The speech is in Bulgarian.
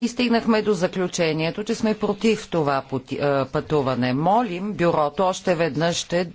и стигнахме до заключението, че сме против това пътуване. Молим бюрото още веднъж ще